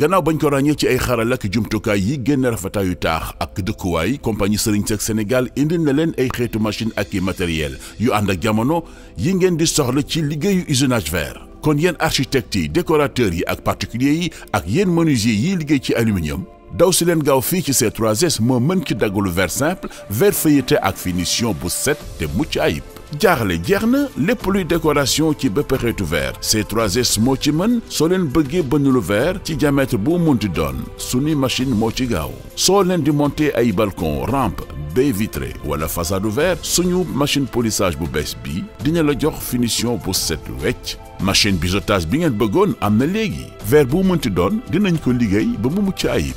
gannaaw bañ ko ràññee ci ay xaral ak jumtukaay yi génn rafetaayu taax ak dëkkuwaay compagnie Serigne Seck Sénégal indil na leen ay xeetu machine ak i matériel yu ànd ak jamono yi ngeen di soxla ci liggéeyu usinage vert. kon yéen architecte yi décorateur yi ak particulier yi ak yéen menuisier yiy liggéey ci aluminium daw si leen gaaw fii ci ces 3S moo mën ci daggalu verre simple verre feuilleté ak finition bu set te mucc ayib. jaaxle jeex na lépp luy décoration ci bépp xeetu verre C3S moo ci mën soo leen bëggee bañu lu verre ci diamètre bu munti doon suñu machine moo ci gaaw soo leen di monter ay balcon rampe baie vitrée wala façade ouverte suñu machine polissage bu bees bi dina la jox finition bu set wecc machine biseautage bi ngeen bëggoon am na léegi ver bu munti doon dinañ ko liggéey ba mu mucc ayib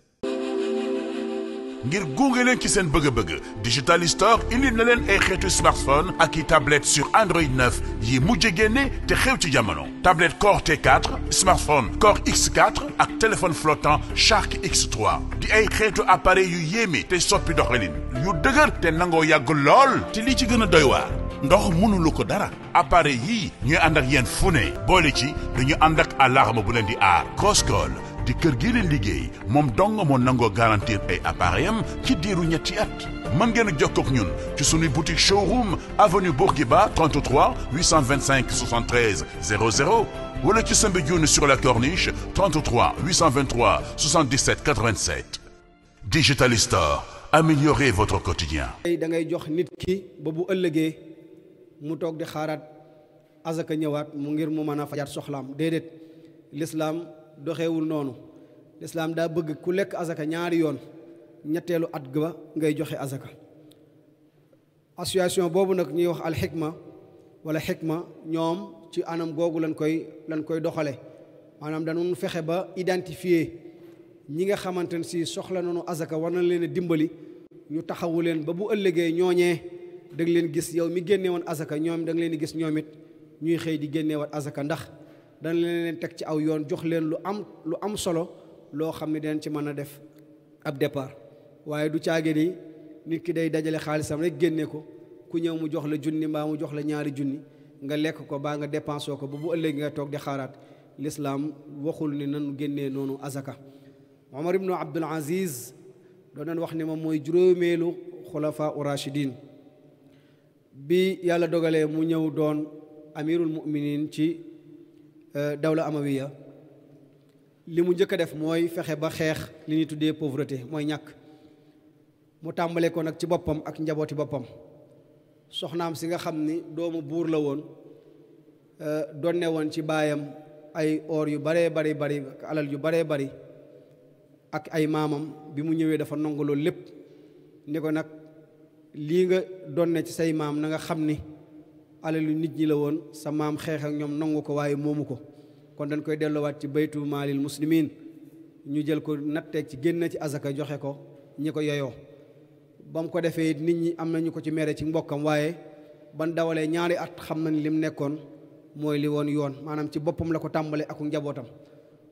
ngir gunge leen ci seen bëgg-bëgg digital store indi na leen ay xeetu smartphone ak i tablette sur Android 9 yi mu génne te xew ci jamono tablette Core te 4 smartphone Core x ak téléphone flottant Shark X3 di ay xeetu appareil yu yéeme te soppi doxalin yu dëgër te nangoo yàgg lool te li ci gën a doy waar ndox mënulu ko dara appareil yii ñuy ànd ak yéen fu ne boole ci du ñu ànd ak ma bu leen di aar Crosscall ci kër gi leen liggéey moom dong moo nangoo garantir ay appareil am ci diiru ñetti at mën ngeen a jokkoo ak ñun ci suñu boutique showroom avenue Bourguiba 33 825 73 00 wala ci Soumbédioune sur la corniche 33 823 77 87 Digital Store améliorez votre quotidien. da ngay jox nit ki ba bu ëllëgee mu toog di xaaraat azaka ñëwaat mu ngir mu mën a fajaat soxlaam déedéet l'islam doxewul noonu lislaam daa bëgg ku lekk azaka ñaari yoon ñetteelu at ga ngay joxe asaka association boobu nag ñuy wax alxikma wala xikma ñoom ci anam googu lañ koy lañ koy doxale maanaam dañu fexe ba identifier ñi nga xamante ne si soxla nañu azaka war na leen dimbali ñu taxawu leen ba bu ëllëgee ñooñee da leen gis yow mi génne woon azaka ñoom da nga leen di gis ñoom it ñuy xëy di génne woon azaka ndax dana leen leen teg ci aw yoon jox leen lu am lu am solo loo xam ne dinañ ci mën a def ab départ waaye du caage ni nit ki day dajale xaalisam rek génne ko ku ñëw mu jox la junni mbaa mu jox la ñaari junni nga lekk ko baa nga dépensé ko ba mu ëllëg nga toog di xaaraat lislaam waxul ni nanu génnee noonu azaka Omar ibnu Abdul Aziz doon nañ wax ni moom mooy juróomeelu xulafa u rachidin bi yàlla dogalee mu ñëw doon amirul muminin ci Euh, dawla amawiya li mu njëkk a def mooy fexe ba xeex li ñuy tuddee pauvreté mooy ñàkk mu tàmbale ko nag ci boppam ak njabooti boppam soxnaam si nga xam ni doomu buur la woon euh, doon ne woon ci baayam ay or yu baree bari bari yu baree bari ak ay maamam bi mu ñëwee dafa nangu loolu lépp ni ko nag lii nga doon donne ci say maam na nga xam ni alalu nit ñi la woon sa maam xeex ak ñoom nangu ko waaye moomu ko kon dañ koy delloowaat ci baytu maalil muslimin ñu jël ko natteeg ci génn ci azaka joxe ko ñi ko yoyoo ba mu ko defee nit ñi am nañu ko ci mere ci mbokkam waaye ban dawalee ñaari at xam na ni lim nekkoon mooy li woon yoon maanaam ci boppam la ko tàmbalee ak njabootam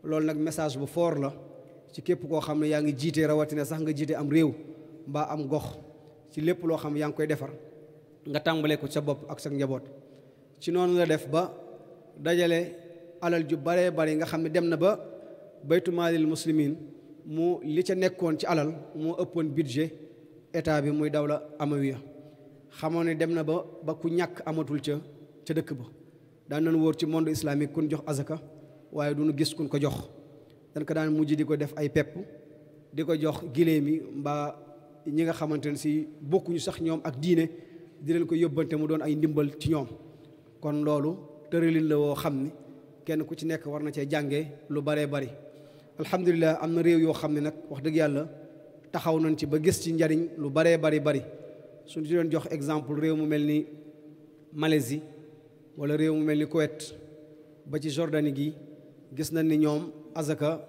loolu nag message bu foor la ci képp koo xam ne yaa ngi jiite rawatina sax nga jiite am réew mbaa am gox ci lépp loo xam yaa ngi koy defar nga tàmbalee ko sa bopp ak sa njaboot ci noonu la def ba dajale alal ju baree bari nga xam ne dem na ba baytu maalil muslimin mu li ca nekkoon ci alal moo ëppoon budget état bi muy daw dawla amawiya xamoon ne dem na ba ba ku ñàkk amatul ca ca dëkk ba daan nañ wóor ci monde islamique kun jox azaka waaye du ñu gis kun ko jox dañ ko daan mujj di ko def ay pepp di ko jox giléem yi mbaa ñi nga xamante ne si bokkuñu sax ñoom ak diine di ko yóbbante mu doon ay ndimbal ci ñoom kon loolu tëralin la woo xam ni kenn ku ci nekk war na cee jàngee lu baree bari alhamdulilah am na réew yoo xam ne nag wax dëgg yàlla taxaw nañ ci ba gis ci njariñ lu baree bari bari suñu ci doon jox exemple réew mu mel ni Malaisie wala réew mu mel ni Kuwait ba ci Jordanie gi gis na ni ñoom azaka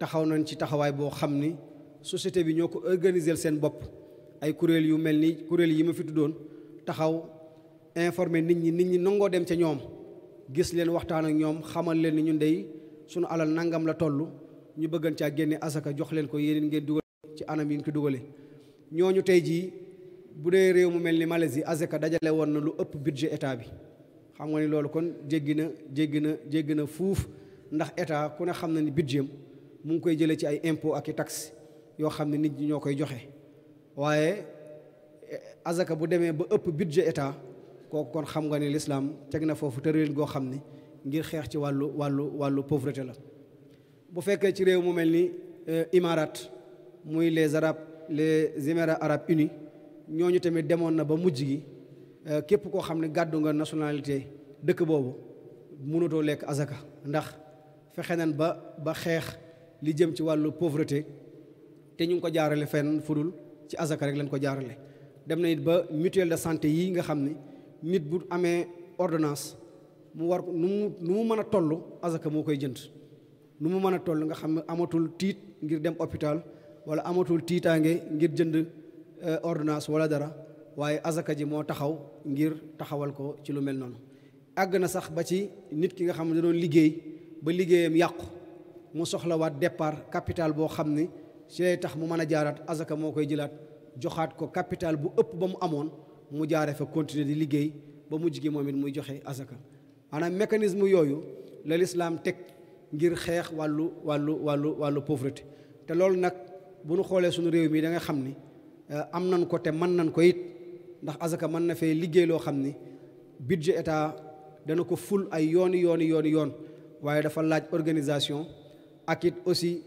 taxaw nañ ci taxawaay boo xam ni société bi ñoo ko organiser seen bopp ay kuréel yu mel ni kuréel yi ma fi tuddoon taxaw informer nit ñi nit ñi nangoo dem ca ñoom gis leen waxtaan ak ñoom xamal leen ni ñun dey suñu alal nangam la toll ñu bëggan caa génne asaka jox leen ko yéen ngeen dugal ci anam yi ñu ko dugale ñooñu tey jii bu dee réew mu mel ni Malaisie asaka dajale woon na lu ëpp budget état bi xam nga ni loolu kon jéggi na jéggi na jéggi na fuuf ndax état ku ne xam na ni budget mu ngi koy jëlee ci ay impôt ak i taxe yoo xam ne nit ñi ñoo koy joxe waaye azaka bu demee ba ëpp budget état kooku kon xam nga ni lislaam teg na foofu tëralin goo xam ni ngir xeex ci wàllu wàllu wàllu pauvreté la bu fekkee ci réew mu mel ni euh, imarat muy les arab les émirats arabes unis ñooñu tamit demoon na ba mujj gi euh, képp koo xam ne gàddu nga nationalité dëkk boobu mënutoo lekk azaka ndax fexe nañ ba ba xeex li jëm ci wàllu pauvreté te ñu ngi ko jaarale fenn fudul ci azaka rek lañ ko jaarale dem na it ba mutuel de santé yi nga xam ni nit bu amee ordinance mu war nu mu nu mu mën a toll azaka moo koy jënd nu mu mën a toll nga xam ne amatul tiit ngir dem hôpital wala amatul tiitaange ngir jënd euh, ordinance wala dara waaye azaka ji moo taxaw ngir taxawal ko ci lu mel noonu àgg na sax ba ci nit ki nga xam ne da liggéey ba liggéeyam yàqu mu soxlawaat départ capital boo xam ni ci lay tax mu mën a jaaraat azaka moo koy jëlaat joxaat ko capital bu ëpp ba mu amoon mu jaare fa continuer di liggéey ba mu jigéen moom it muy joxe azaka maanaam mécanisme yooyu la lislaam teg ngir xeex wàllu wàllu wàllu wàllu pauvreté te loolu nag bu nu xoolee suñu réew mii da nga xam ni euh, am nan ko te mën nan ko it ndax azaka mën na fee liggéey loo xam ni budget état dana ko ful ay yooni yooni yooni yoon waaye dafa laaj organisation ak it aussi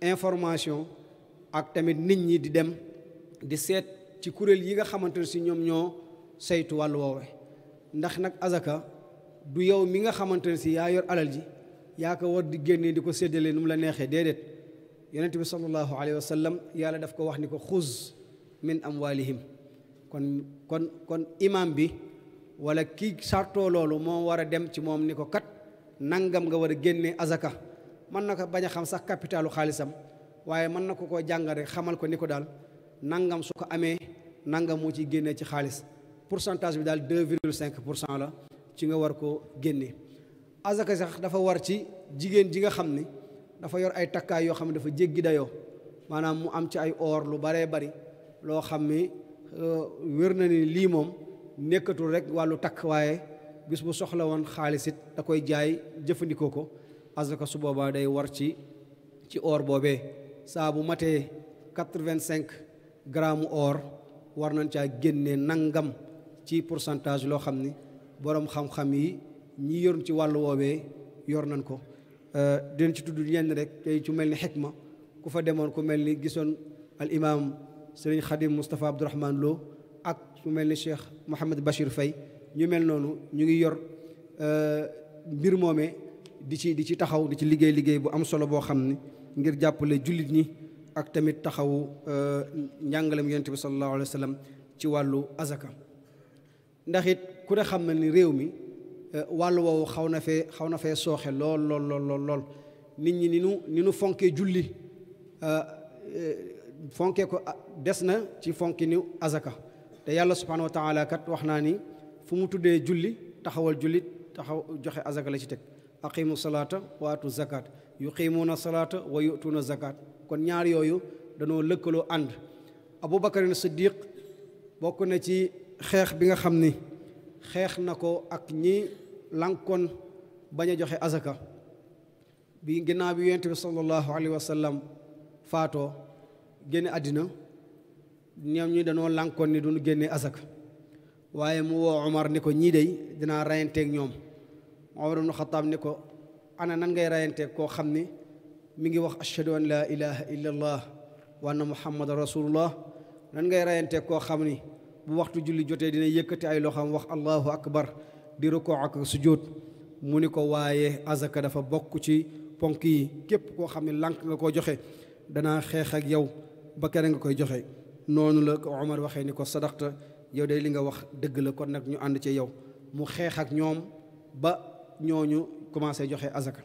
information ak tamit nit ñi di dem di seet ci kuréel yi nga xamante ne si ñoom ñoo seytu wàllu woowe ndax nag azaka du yow mi nga xamante ne si yaa yor alal ji yaa ko war di génnee di ko séddale nu la neexee déedéet yonent bi sallallahu alayhi wa sallam yàlla daf ko wax ni ko xuz min amwalihim kon kon kon imam bi wala kii sartoo loolu moo war a dem ci moom ni ko kat nangam nga war a génnee azaka mën na ko bañ a xam sax capitalu xaalisam waaye mën na ko ko jàngal xamal ko ni ko daal nangam su ko amee nangam moo ciy génnee ci xaalis pourcentage bi daal 2,5 pour cent la ci nga war ko génnee azaka sax dafa war ci jigéen ji nga xam ni dafa yor ay takkaay yoo xam ne dafa jéggi dayoo maanaam mu am ci ay or lu baree bari loo xam ni euh, wér na ni lii moom nekkatul rek wàllu takk waaye bis bu soxla woon xaalis it da koy jaay jëfandikoo ko azaka su boobaa day war ci ci or boobee saa bu matee quatre-vingt-cinq gramme or war nañ caa génne nangam ci pourcentage loo xam ni boroom xam-xam yi ñi yor ci wàll woowee yor nañ ko euh, dinañ ci tudd ñenn rek tey ci mel ni xikma ku fa demoon ku mel ni gisoon al imam sëriñ xadim Moustapha Abdourahman Lo ak ku mel ni Cheikh Mouhamed Bachir Faye ñu mel noonu ñu ngi yor euh, mbir moomee di ci di ci taxaw di ci liggéey liggéey bu am solo boo xam ni ngir jàppale jullit ñi ak tamit taxawu euh, njàngalem yonent bi sallallahu alayhi wa sallam ci wàllu azaka ndax it ku xam na ni réew mi euh, wàllu woowu xaw na fee xaw na fee sooxe lool lool nit ñi ni nu ni nu fonkee julli euh, fonkee ko des na ci fonki ni azaka te yàlla subhanahu wa wax naa ni fu mu tuddee julli taxawal julli taxaw joxe azaka la ci teg aqimu salaata wa atu zakat yuqimuuna salaata wa yutuuna kon ñaar yooyu danoo lëkkaloo ànd aboubacarin siddiq bokk na ci xeex bi nga xam ni xeex na ko ak ñi lànkoon bañ a joxe azaka bii ginnaaw bi yonent bi sallallahu alayhi wa faatoo génne àddina ñoom ñi danoo lànkoon ni duñu génne azaka waaye mu woo Omar ni ko ñii dey dinaa rayanteeg ñoom Omar ibnu Xataab ni ko ana nan ngay rayanteeg koo xam ni mi ngi wax ashhadu an laa ilaha illa allah wa anna muhammadan rasulullah nan ngay rayante koo xam ni bu waxtu julli jotee dina yëkkati ay am wax allahu akbar di rukoo ak sujjóot mu ni ko waaye azaka dafa bokk ci ponk yi képp koo xam ne lank nga koo joxe danaa xeex ak yow ba keneen nga koy joxe noonu la ko Omar waxee ni ko sadaxta yow day li nga wax dëgg la kon nag ñu ànd cee yow mu xeex ak ñoom ba ñooñu commencé joxe azaka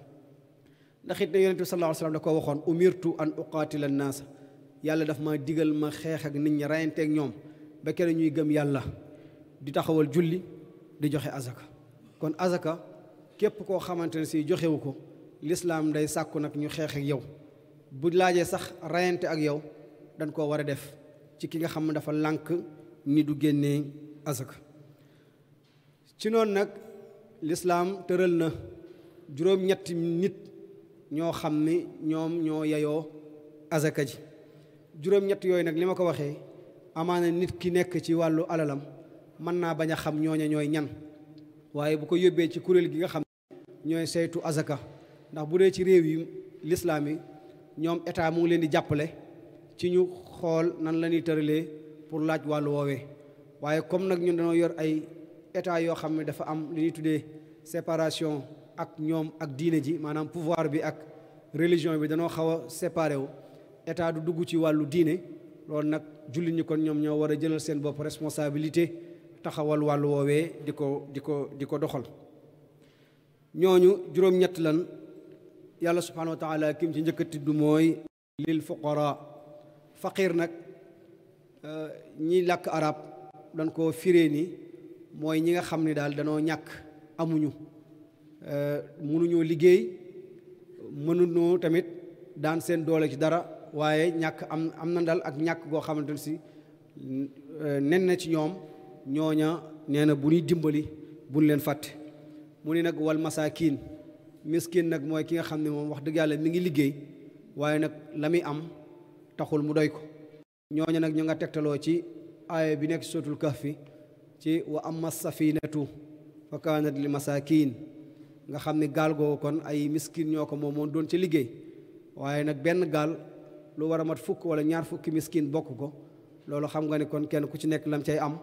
ndax it ne yonent bi sallallahu da koo waxoon umirtu an uqaatila naasa yàlla dafa ma digal ma xeex ak nit ñi rayanteeg ñoom ba kenn ñuy gëm yàlla di taxawal julli di joxe azaka kon azaka képp koo xamante ne si joxewu ko lislaam day sàkku nag ñu xeex ak yow bu laajee sax rayante ak yow dañ koo war a def ci ki nga xam ne dafa lànk ni du génnee azaka ci noonu nag lislaam tëral na juróom-ñetti nit ñoo xam ni ñoom ñoo yayoo azaka ji juróom-ñett yooyu nag li ma ko waxee amaana nit ki nekk ci wàllu alalam mën naa bañ a xam ñooña ñooy ñan waaye bu ko yóbbee ci kuréel gi nga xam ñooy saytu azaka ndax bu dee ci réew yi lislaam yi ñoom état mu ngi leen di jàppale ci ñu xool nan la ñuy tëralee pour laaj wàllu woowee waaye comme nag ñun dañoo yor ay état yoo xam ne dafa am li tuddee séparation ak ñoom ak diine ji maanaam pouvoir bi ak religion bi danoo xaw a séparé wu état du dugg ci wàllu diine loolu nag jullit ñi kon ñoom ñoo war a jëlal seen bopp responsabilité taxawal wàllu woowee di ko di ko di ko doxal ñooñu juróom-ñett lan yàlla subhanahu wa taala ci njëkk a tudd mooy lil fuqara faqir nag euh, ñi làkk arab dañ koo firee ni mooy ñi nga xam ni daal danoo ñàkk amuñu Euh, mënuñoo liggéey mënuñoo tamit daan seen doole ci dara waaye ñàkk am am na dal ak ñàkk goo xamante ne si euh, nen na ci ñoom ñooña nee na bu ñuy dimbali buñ leen fàtte mu ni nag wal masaa kiin miskin nag mooy ki nga xam ne moom wax dëgg yàlla mi ngi liggéey waaye nag la muy am taxul mu doy ko ñooña nag ñu nga tegtaloo ci aaya bi nekk suratul kahfi ci wa amma safinatu fa kaanat li kiin nga xam ni gaal googu kon ay miskin ñoo ko moom doon ci liggéey waaye nag benn gaal lu war a mat fukk wala ñaar fukki miskin bokk ko loolu xam nga ni kon kenn ku ci nekk lam cay am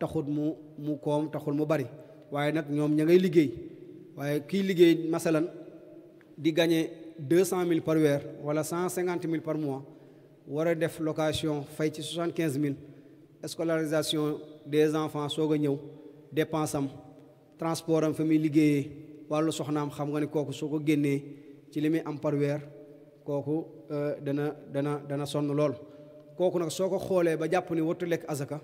taxul mu mu koom taxul mu bari waaye nag ñoom ña ngay liggéey waaye kiy liggéey masalan di gagné deux cent mille par weer wala cent cinquante mille par mois war a def location fay ci soixante quinze mille scolarisation des enfants soog a ñëw dépense am wàllu soxnaam xam nga ne kooku soo ko génnee ci li muy am par weer kooku euh, dana dana dana sonn lool kooku nag soo ko xoolee ba jàpp ni wattu lekk azaka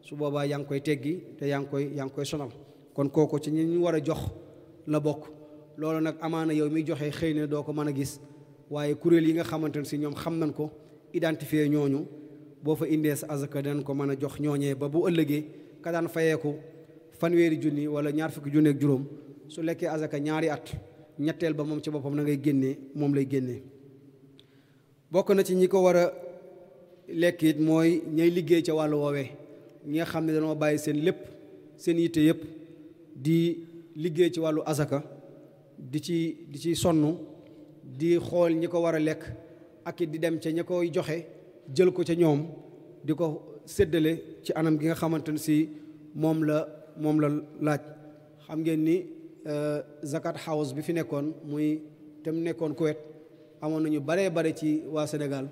su boobaa yaa ngi koy teggi te yaa ngi koy yaa ngi koy sonal kon kooku ci ñi ñu war a jox la bokk loolu nag amaana yow miy joxee xëy na doo ko mën a gis waaye kuréel yi nga xamante ne si ñoom xam nañ ko identifier ñooñu boo fa indee sa azaka danañ ko mën a jox ñooñee ba bu ëllëgee ka daan fayeeku fanweeri junni wala ñaar fukki junni juróom su lekkee azaka ñaari at ñetteel ba moom ci boppam na ngay génnee moom lay génnee bokk na ci ñi ko war a lekk it mooy ñay liggéey ca wàllu woowee ñi nga xam ne dañoo bàyyi seen lépp seen yitte yëpp di liggéey ci wàllu asaka di ci di ci sonn di xool ñi ko war a lekk ak it di dem ca ña koy joxe jël ko ca ñoom di ko séddale ci anam gi nga xamante ne si moom la moom la laaj xam ngeen ni Eh, zakat house bi fi nekkoon muy te mu nekkoon Kuwait amoon nañu baree bare ci waa Sénégal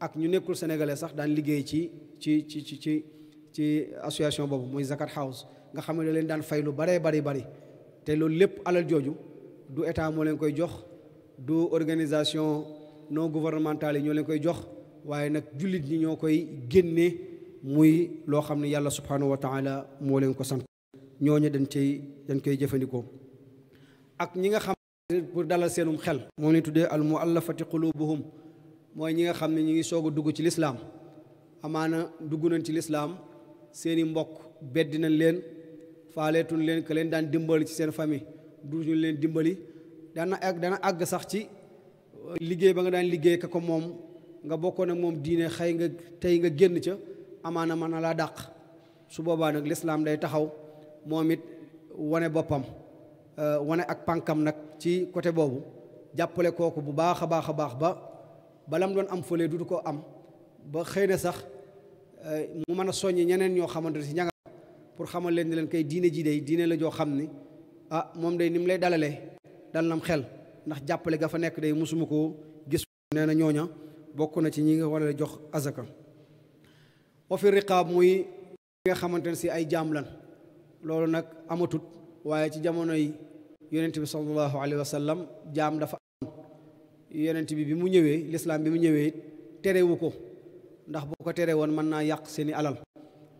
ak ñu nekkul sénégalais sax daan liggéey ci ci ci ci ci ci association boobu muy zakat house nga xam ne leen daan fay lu baree bari bari te loolu lépp alal jooju du état moo leen koy jox du organisation non gouvernementale yi ñoo leen koy jox waaye nag jullit ñi ñoo koy génne muy loo xam ne yàlla subhanahu wa taala moo leen ko sant ñoo ñooñu dañ cey dañ koy jëfandikoo ak ñi nga xam pour dalal seenum xel moom lañ tuddee al muallafati qulubuhum mooy ñi nga xam ne ñu ngi soog a dugg ci lislaam amaana dugg nañ ci lislaam seeni mbokk beddi nañ leen faaleetuñ leen que leen daan dimbali ci seen famille duñu leen dimbali dana àgg dana àgg sax ci euh, liggéey ba nga daan liggéey ka ko moom nga bokkoon ak moom diine xëy nga tey nga génn ca amaana mën na laa dàq su boobaa nag lislaam day taxaw moom it wane boppam euh, wane ak pànkam nag ci côté boobu jàppale kooku bu baax a baax a baax ba balam doon am fële du du ko am ba xëy na sax euh, mu mën a soññ ñeneen ñoo xamante ne si ñanga pour xamal leen ni leen kay diine ji day diine la joo xam ni ah moom day ni mu lay dalalee dal nam xel ndax jàppale ga fa nekk day musuma koo gis nee na ñooña bokk na ci ñi nga war jox azaka wa fi riqaab muy nga xamante ne si ay jaam lan loolu nag amatut waaye ci jamono yi yonent bi sallallahu alayhi wa sallam jaam dafa am yonent bi bi mu ñëwee lislaam bi mu ñëwee terewu ko ndax boo ko tere woon mën naa yàq seeni alal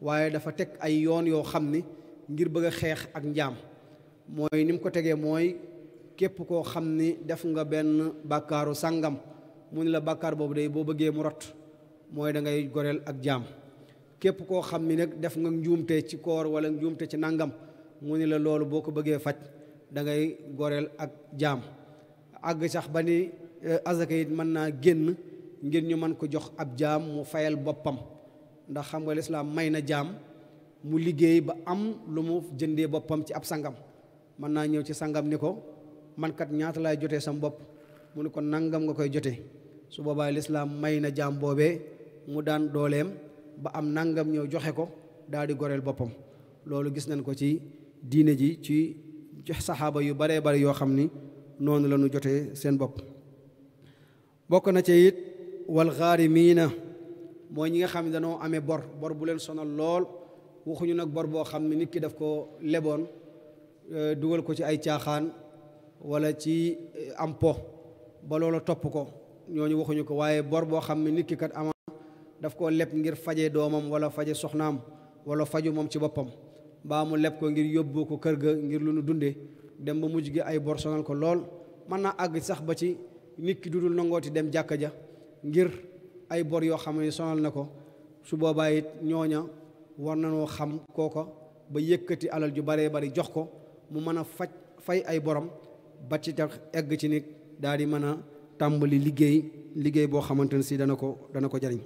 waaye dafa teg ay yoon yoo xam ni ngir bëgg xeex ak njaam mooy ni mu ko tegee mooy képp koo xam ni def nga benn bàkkaaru sàngam mu ni la bàkkaar boobu day boo bëggee mu rot mooy da ngay goreel ak jaam képp koo xam ni nag def nga njuumte ci koor wala njuumte ci nangam mu ni la loolu boo ko bëggee faj da ngay goreel ak jaam àgg sax ba ni eh, azaka it mën naa génn ngir ñu man ko jox ab jaam mu fayal boppam ndax xam nga lislaam may na jaam mu liggéey ba am lu mu jëndee boppam ci ab sangam mën naa ñëw ci sangam ni ko man kat ñaata laay jotee sam bopp mu ni ko nangam nga koy jotee su boobaa lislaam may na jaam boobee mu daan dooleem ba am nangam ñëw joxe ko daal di goreel boppam loolu gis nañ ko ci diine ji ci saxaaba yu baree bari yoo xam ni noonu la ñu jotee seen bopp bokk na ci it wal xaarimiina mooy ñi nga xam ne dañoo amee bor bor bu leen sonal lool waxuñu nag bor boo xam ne nit ki daf ko leboon euh, dugal ko ci ay caaxaan wala ci euh, am po ba loola topp ko ñooñu waxuñu ko waaye bor boo xam ne nit kat am daf ko leb ngir faje doomam wala faje soxnaam wala faju moom ci boppam baa mu leb ko ngir yóbbu ko kër ga ngir lu nu dunde dem ba mujj gi ay bor sonal ko lool mën naa àgg sax ba ci nit ki dudul nangooti dem jàkka ja ngir ay bor yoo xam ne sonal na ko su boobaa it ñooña war nanoo xam kooko ba yëkkati alal ju baree bari jox ko mu mën a faj fay ay borom ba ci tax egg ci nit daal di mën a tàmbali liggéey liggéey boo xamante ne si dana ko dana ko jariñ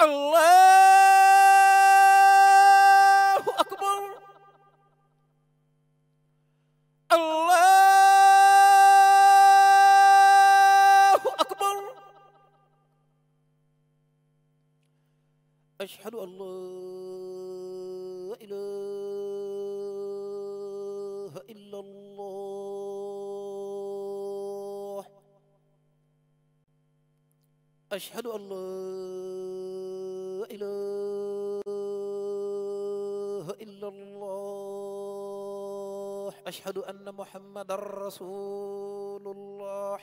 allahu akbar allahu akbar ashhadu an laa ilaaha illa allah ashhadu an laa إله إلا الله أشهد أن محمدا رسول الله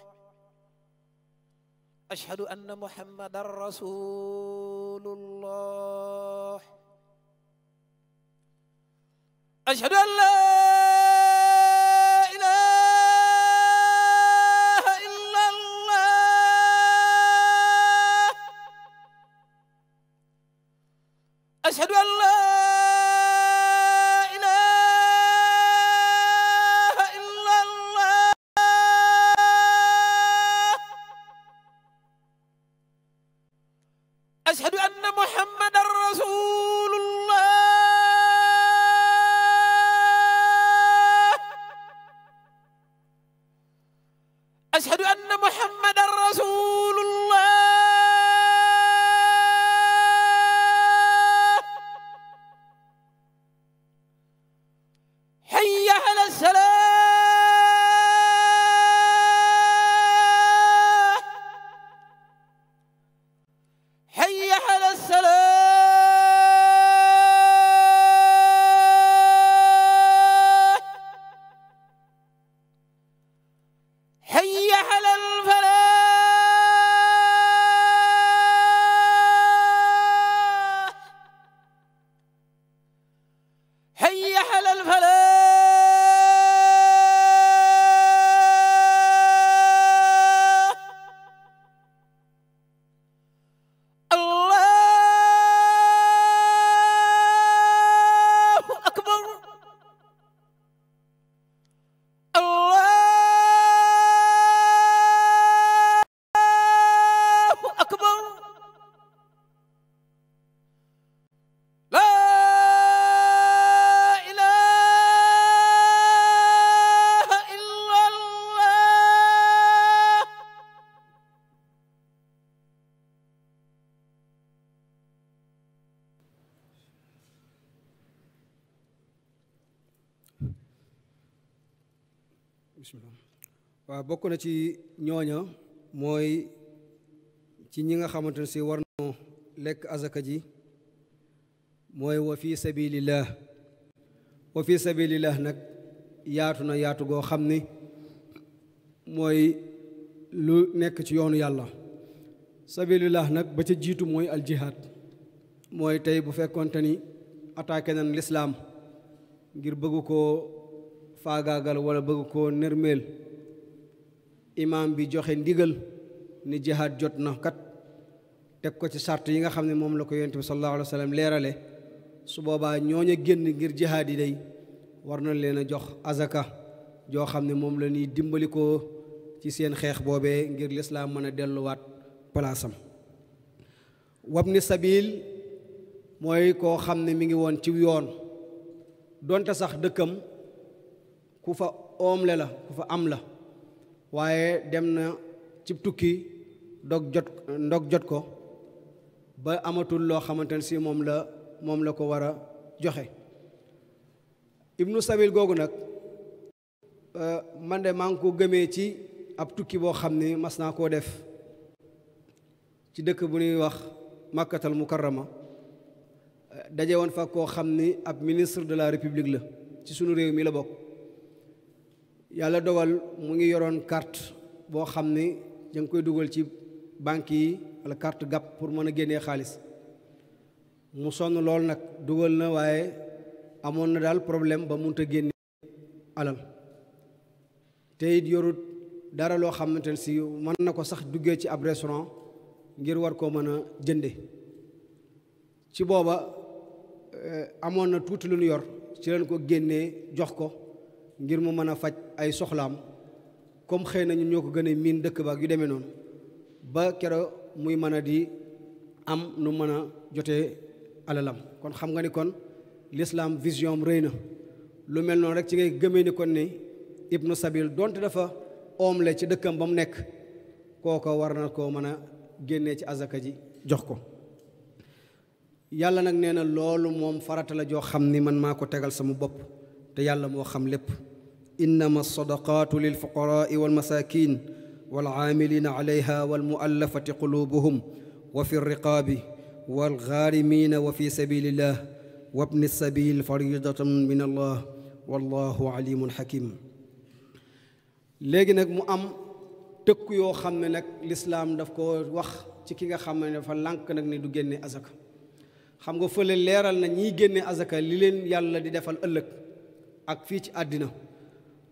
أشهد أن محمدا رسول الله أشهد أن لا bokk na ci ñooña mooy ci ñi nga xamante ne si war nañoo lekk azaka ji mooy wa fi sabilillah wa fi sabilillah nag yaatu na yaatu goo xam ni mooy lu nekk ci yoonu yàlla sabilillah nag ba ca jiitu mooy aljihaad mooy tey bu fekkonte ni attaqué nañ lislaam ngir bëgg koo faagaagal wala bëgg ko nërmeel imaam bi joxe ndigal ni jihaad jot na kat teg ko ci sart yi nga xam ne moom la ko yonent bi sallallahu alayhi wa leerale su boobaa ñooña génn ngir jihaad yi day war na leen a jox azaka joo xam ne moom la ñuy dimbali ko ci seen xeex boobee ngir lislaam mën a delluwaat palaasam wabni sabil mooy koo xam ne mi ngi woon ci yoon donte sax dëkkam ku fa oomle la ku fa am la waaye dem na ci tukki dog jot ndog jot ko ba amatul loo xamante ne si moom la moom la ko war a joxe ibnu sabil googu nag euh, man de maa ngi ko gëmee ci ab tukki boo xam ni mas naa koo def ci dëkk bu ñuy wax màkkatal mukarrama daje woon fa koo xam ni ab ministre de la république la ci sunu réew mi la bokk yàlla dogal mu ngi yoroon carte boo xam ne da koy dugal ci banque yi wala carte gàpp pour mën a génnee xaalis mu sonn lool nag dugal na waaye amoon na daal problème ba munta génne alal te it yorut dara loo xamante ne si mën na ko sax duggee ci ab restaurant ngir war koo mën a jënde ci booba eh, amoon na tuuti lu ñu yor ci leen ko génnee jox ko ngir mu mën a faj ay soxlaam comme xëy nañu ñoo ko gën a miin dëkk baa ak yu demee noonu ba kero muy mën a di am nu mën a jotee alalam kon xam nga ni kon lislaam vision am rëy na lu mel noonu rek ci ngay gëmee ni kon ni ibnu sabil donte dafa omle ci dëkkam ba mu nekk kooko war na koo mën a génne ci azaka ji jox ko yàlla nag nee na loolu moom farata joo xam ni man maa ko tegal sama bopp te yàlla moo xam lépp إنما الصدقات للفقراء والمساكين والعاملين عليها والمؤلفة قلوبهم وفي الرقاب والغارمين وفي سبيل الله وابن السبيل فريضة من الله والله عليم حكيم léegi nag mu am tëkku yoo xam ne nag lislaam daf ko wax ci ki nga xam ne dafa lànk nag ni du génne azaka xam nga fële leeral na ñiy génne azaka li leen yàlla di defal ëllëg ak fii ci àddina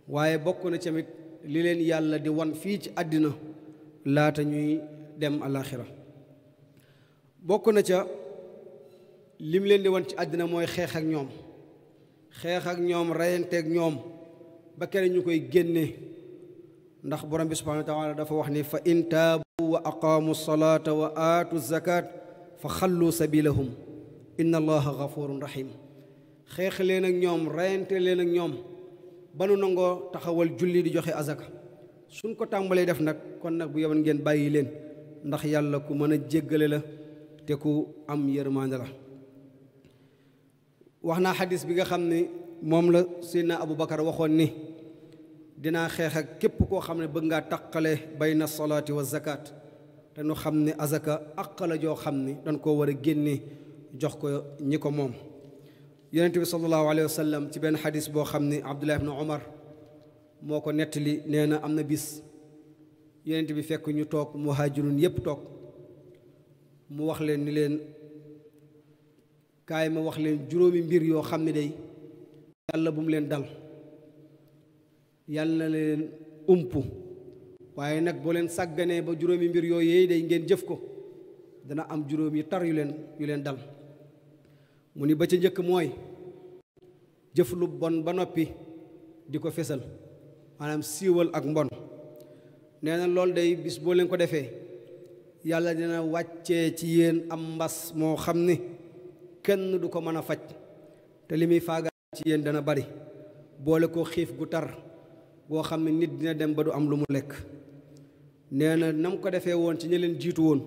waaye bokk na tamit li leen yàlla di wan fii ci àddina laata ñuy dem alaxira bokk na ca lim leen di wan ci àddina mooy xeex ak ñoom xeex ak ñoom ak ñoom ba kere ñu koy génne ndax borom bi subhanahu wa taala dafa wax ni fa in taabu wa aatu zakat fa xallu sabilahum inna allaha gafurun rahim xeex leen ak ñoom reyante leen ak ñoom ba nu nangoo taxawal julli di joxe azaka suñ ko tàmbalee def nag kon nag bu yowoon ngeen bàyyi leen ndax yàlla ku mën a jéggale la te ku am yërmande la wax naa xadis bi nga xam ne moom la Seydina Abu Bakar waxoon ni dinaa xeex ak képp koo xam ne bëgg ngaa taqale bayna salaati wa zakat te nu xam ne azaka àq la joo xam ni dañ koo war a génne jox ko ñi ko moom yonent bi sallallahu alayhi wa sallam ci benn xadis boo xam ni abdullah ibn omar moo ko nettali nee na am na bis yonent bi fekk ñu toog mu muhaajirun yépp toog mu wax leen ni leen kaay ma wax leen juróomi mbir yoo xam ne day yàlla bu mu leen dal yàlla na leen ump waaye nag boo leen sàgganee ba juróomi mbir yooyu day ngeen jëf ko dana am juróom yi tar leen yu leen dal mu ni ba ca njëkk mooy jëf lu bon ba noppi di ko fesal maanaam siiwal ak mbon nee na loolu day bis boo leen ko defee yàlla dina wàcce ci yéen am mbas moo xam ni kenn du ko mën a faj te li muy faaga ci yéen dana bari boole ko xiif gu tar goo xam ne nit dina dem ba du am lu mu lekk nee na na ko defee woon ci ñi leen jiitu woon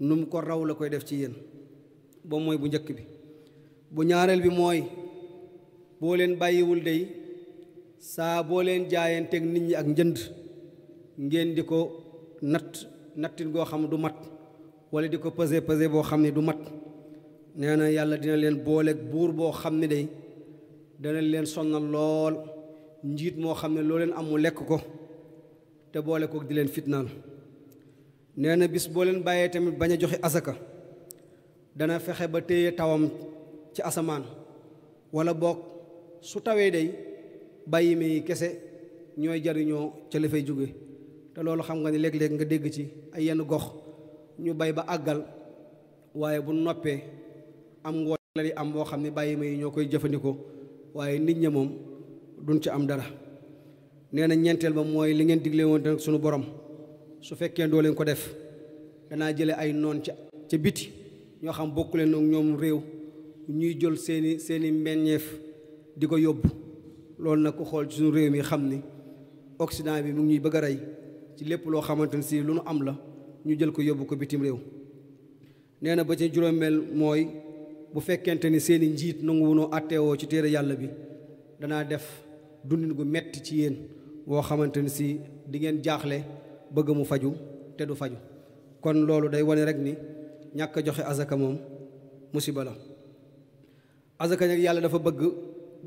nu mu ko raw la koy def ci yéen ba mooy bu njëkk bi bu ñaareel bi mooy boo leen bàyyiwul dey saa boo leen jaayanteeg nit ñi ak njënd ngeen di ko natt nattin goo xam ne du mat wala di ko pesé pase boo xam ne du mat nee na yàlla dina leen booleeg buur boo xam ne day dana leen sonnal lool njiit moo xam ne loo leen amul lekk ko te boole ko di leen fitnaal nee na bis boo leen bàyyee tamit bañ a joxe asaka dana fexe ba téye tawam ci asamaan wala boog su tawee day bàyyi may kese ñooy jariñoo ca la fay jóge te loolu xam nga ni léeg-léeg nga dégg ci ay yenn gox ñu bay ba àggal waaye bu noppee am ngoo la am boo xam ne bàyyi ma yi ñoo koy jëfandikoo waaye nit ña moom duñ ci am dara nee na ñeenteel ba mooy li ngeen digle woon suñu borom su fekkee doo leen ko def danaa jële ay noon ca ca biti ñoo xam bokku leen ak ñoom réew ñuy jël seeni seeni meññeef di ko yóbbu loolu nag ku xool ci suñu réew mi xam ni Occident bi mu ñuy bëgg a rey ci lépp loo xamante ne si lu nu am la ñu jël ko yóbbu ko bitim réew nee na ba ci juróomeel mooy bu fekkente ni seeni njiit nanguwunoo àtteewoo ci téere yàlla bi danaa def dundin gu metti ci yéen woo xamante ni si di ngeen jaaxle bëgg mu faju te du faju kon loolu day wane rek ni ñàkk joxe azaka moom musiba la azaka nag yàlla dafa bëgg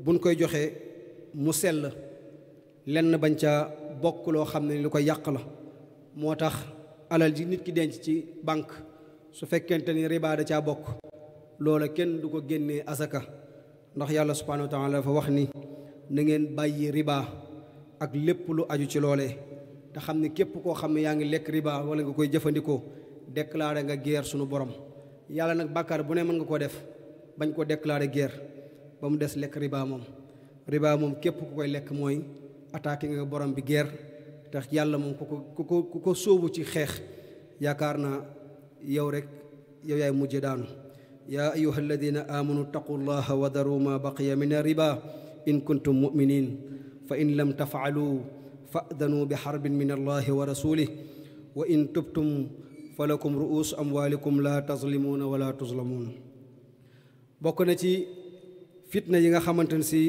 buñ koy joxee mu sell lenn bañ ca bokk loo xam ne lu ko yàq la moo tax alal ji nit ki denc ci banque su fekkente ni riba da caa bokk loola kenn du ko génnee azaka ndax yàlla subhanahu wa taala dafa wax ni na ngeen bàyyi riba ak lépp lu aju ci loole te xam ne képp koo xam ne yaa ngi lekk riba wala nga koy jëfandikoo déclaré nga guerre sunu borom yàlla nag bàkkaar bu ne mën nga koo def bañ ko déclarer guerre ba mu des lekk riba moom riba moom képp ku koy lekk mooy attaqué nga borom bi guerre tax yàlla moom ku ko ku ko ku ci xeex yaakaar na yow rek yow yaay mujje daanu yaa ayuha alladina amanu taqu llaha wa daru ma baqiya min riba in kuntum muminin fa in lam tafaalu fa'danu bi xarbin min allahi wa rasulih wa in tubtum falakum ru'uusu amwaalikum laa tazlimuuna wa laa tuzlamuun bokk na ci fitna yi nga xamante ne si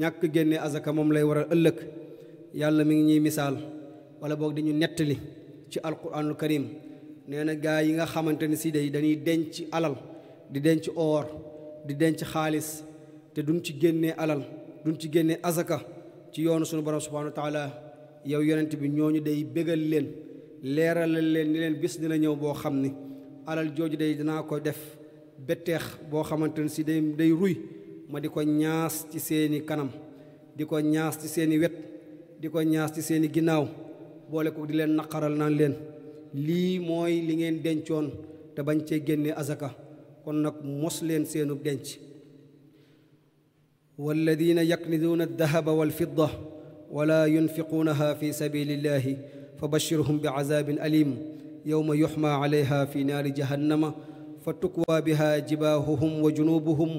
ñàkk génne azaka moom lay waral ëllëg yàlla mi ngi ñuy misaal wala boog dañu nettali ci alquranul karim nee na gaa yi nga xamante ne si day dañuy denc alal di denc oor di denc xaalis te duñ ci génne alal duñ ci génne azaka ci yoonu sunu borom subhanahu taala yow yonent bi ñooñu day bëggal leen leeral la leen ni leen bis dina ñëw boo xam ni alal jooju day dinaa ko def betteex boo xamante ne si day day ruy ma di ko ñaas ci seeni kanam di ko ñaas ci seeni wet di ko ñaas ci seeni ginnaaw boole ko di leen naqaral naan leen lii mooy li ngeen dencoon te bañ cee génnee azaka kon nag mos leen seenu denc walladina yaknizuuna wal walfidda wala yunfiquunaha fi sabilillahi fa bashirhum bi azaabin alim yowma yuxma alayha fi naari jahannama fa tukwaa biha jibaahuhum wa junuubuhum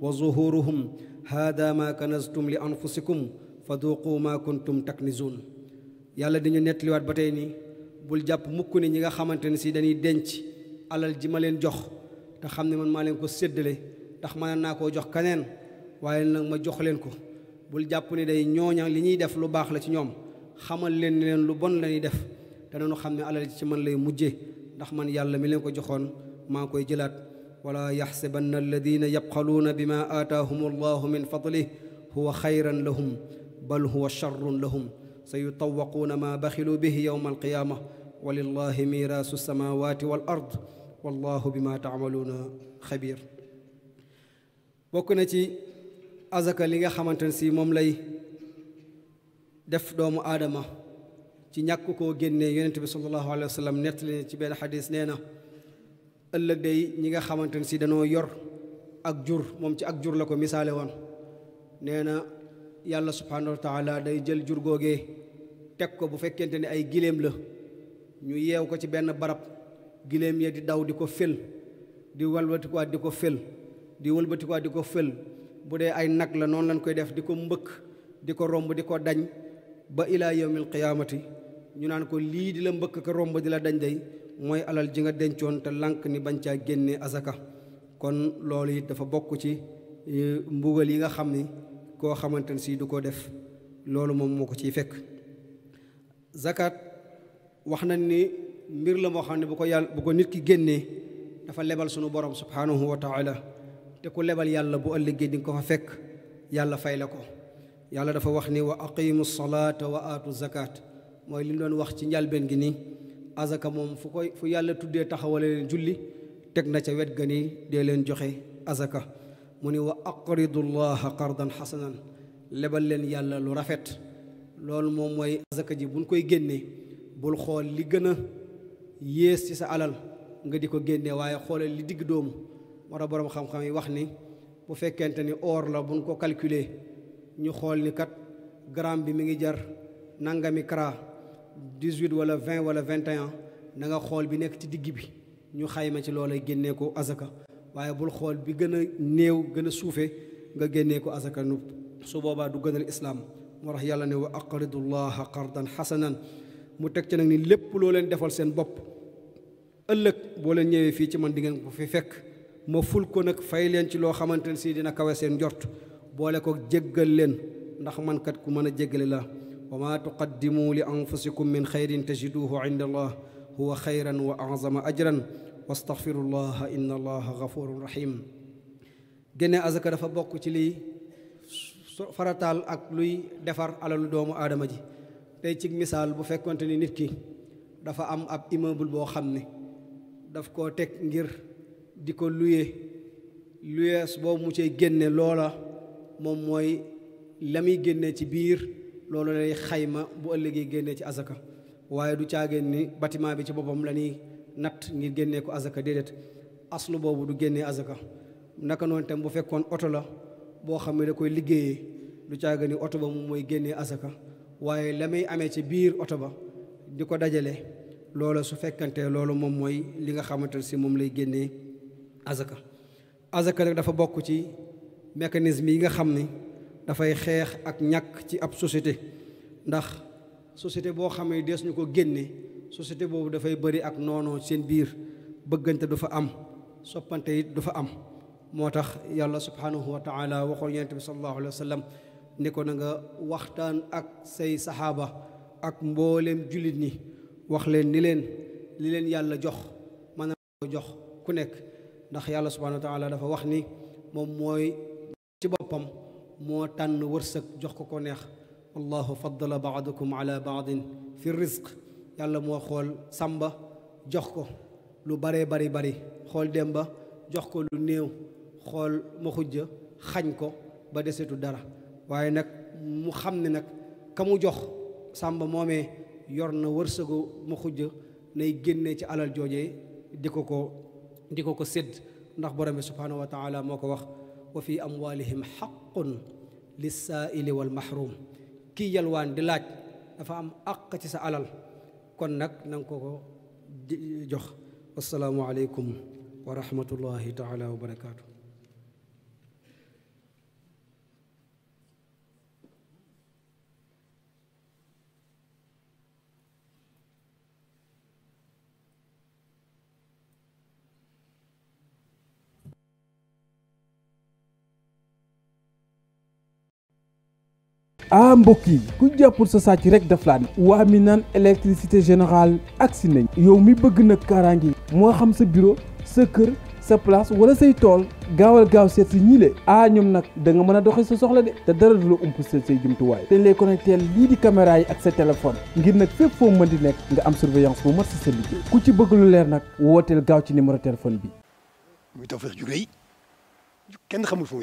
wa zuhuuruhum haada maa kanaztum li anfusikum fa duuqu maa kuntum taknizuun yàlla dañu nettaliwaat ba tey nii bul jàpp mukk ni ñi nga xamante ne si dañuy denc alal ji ma leen jox te xam ne man maa leen ko séddale ndax ma naa koo jox keneen waaye nag ma jox leen ko bul jàpp ni day ñooña li ñuy def lu baax la ci ñoom xamal leen leen lu bon la ñuy def te nañu xam ne alal ji ci man lay mujje ndax man yàlla mi leen ko joxoon maa koy jëlaat walaa yaxsabanna alladina yabxaluuna bima aataahum allahu min fadlih huwa xayran lahum bal huwa charrun lahum sa yutawaquuna maa baxilu bihi yowma alqiyaama walillahi miraasu alsamawati wal ard bima taamaluuna xabiir bokk na ci azaka li nga xamante ne si moom lay def doomu adama ci ñàkk koo génnee yonent bi sallallahu alayhi wa sallam nettali ci benn xadis nee ëllëg day ñi nga xamante ne si danoo yor ak jur moom ci ak jur la ko misaale woon nee na yàlla subhaanahu wa taala day jël jur googee teg ko bu fekkente ni ay giléem la ñu yeew ko ci benn barab giléem ya di daw di ko fël di walbatikuwaat di ko fël di walbatikuwaat di ko fël bu dee ay nag la noonu lañ koy def di ko mbëkk di ko romb di ko dañ ba ilaa yawmil qiyaamati ñu naan ko lii di la mbëkk ko romb di la dañ day mooy alal ji nga dencoon te lànk ni bañ caa génne asaka kon loolu it dafa bokk ci e, mbugal yi nga xam ni koo xamante ne si du ko def loolu moom moo ko ciy fekk zakat wax na ni mbir la moo xam ne bu ko yàlla bu ko nit ki génnee dafa lebal sunu borom subhanahu wa taala te ku lebal yàlla bu ëllëgee di ko fa fekk yàlla fay la ko yàlla dafa wax ni wa aqimu salaata wa aatu zakat mooy li ñu doon wax ci njalbeen gi nii azaka moom fu koy fu yàlla tuddee taxawale leen julli teg na ca wet ga ni dee leen joxe azaka mu ni wa aqridu llaha qardan xasanan lebal leen yàlla lu rafet loolu moom mooy azaka ji buñ koy génnee bul xool li gën a yées ci sa alal nga di ko génnee waaye xoolal li digg doomu moo tax boroom xam-xam yi wax ni bu fekkente ni or la buñ ko calculer ñu xool ni kat gramme bi mi ngi jar nangami kara dix-huit wala vingt wala vingt et un nga xool bi nekk ci digg bi ñu xayma ci loolay génnee ko azaka waaye bul xool bi gën a néew gën a suufee nga génnee ko azaka nu su boobaa du gënal islaam moo tax yàlla ne wa aqridu llaha qardan xasanan mu teg ci nag ni lépp loo leen defal seen bopp ëllëg boo leen ñëwee fii ci man di ngeen ko fi fekk ma ful ko nag fay leen ci loo xamante ne si dina kawe seen njort boole ko jéggal leen ndax man kat ku mën a jéggale la wa maa tuqaddimuu li anfusikum min xayrin tajiduuhu inda allah huwa xayran wa azama ajran wastaxfirullah inna allaha gafurun rahim génne azaka dafa bokk ci liy farataal ak luy defar alalu doomu aadama ji tey ci misaal bu fekkonte ni nit ki dafa am ab immeuble boo xam ne daf koo teg ngir di ko luye luyees boobu mu cay génne loola moom mooy la muy génne ci biir loolu lay xayma bu ëllëgee génnee ci azaka waaye du caagéen ni bâtiment bi ci boppam la ñuy natt ngir génnee ko azaka déedéet aslu boobu du génnee azaka naka noonu tam bu fekkoon oto la boo xam ne da koy liggéeyee du caagéen ni oto ba moom mooy génnee azaka waaye la muy amee ci biir oto ba di ko dajale loolu su fekkante loolu moom mooy li nga xamante si moom lay génnee azaka azaka nag dafa bokk ci mécanisme yi nga xam ni dafay xeex ak ñàkk ci ab société ndax société boo xamee dees ñu ko génne société boobu dafay bëri ak noonoo seen biir bëggante du fa am soppante it du fa am moo tax yàlla subhanahu wa taala waxoon yonent bi sallallahu alayhi wa sallam ni ko na waxtaan ak say saxaaba ak mbooleem jullit ñi wax leen ni leen li leen yàlla jox mën na ko jox ku nekk ndax yàlla subhanahu wa dafa wax ni moom mooy ci boppam moo tànn wërsëg jox ko ko neex wallahu faddala baadakum ala baadin fi risq yàlla moo xool sàmba jox ko lu baree bari bari xool demba jox ko lu néew xool ma xujja xañ ko ba desetu dara waaye nag mu xam ne nag ka mu jox sàmba moomee yor na wërsëgu ma xujja nay génne ci alal joojee di ko ko di ko ko sedd ndax borom bi subhaanahu wa taala moo ko wax wa fi amwaalihim xaqun lissaaili wal mahrum kii yalwaan di laaj dafa am àq ci sa alal kon nag na nga ko ko jox wasalaamualeykum wa rahmatullahi taala wa barakaatu ah mbokk yi ku jàppul sa sàcc rek daf laa ne waa mi naan électricité générale si nañ yow mi bëgg nag kaaraange moo xam sa bureau sa kër sa place wala say tool gaawal gaaw seet si ñii le ah ñoom nag danga mën a doxee sa soxla de te dara du la umpaseel say jumtuwaay te ñu lay connecté lii di caméra yi ak sa téléphone ngir nag fépp foo mën di nekk nga am surveillance bu mat si sa liggéey ku ci bëgg leer nag wooteel gaaw ci numéro téléphone bi. muy Tawfekh xamul fu mu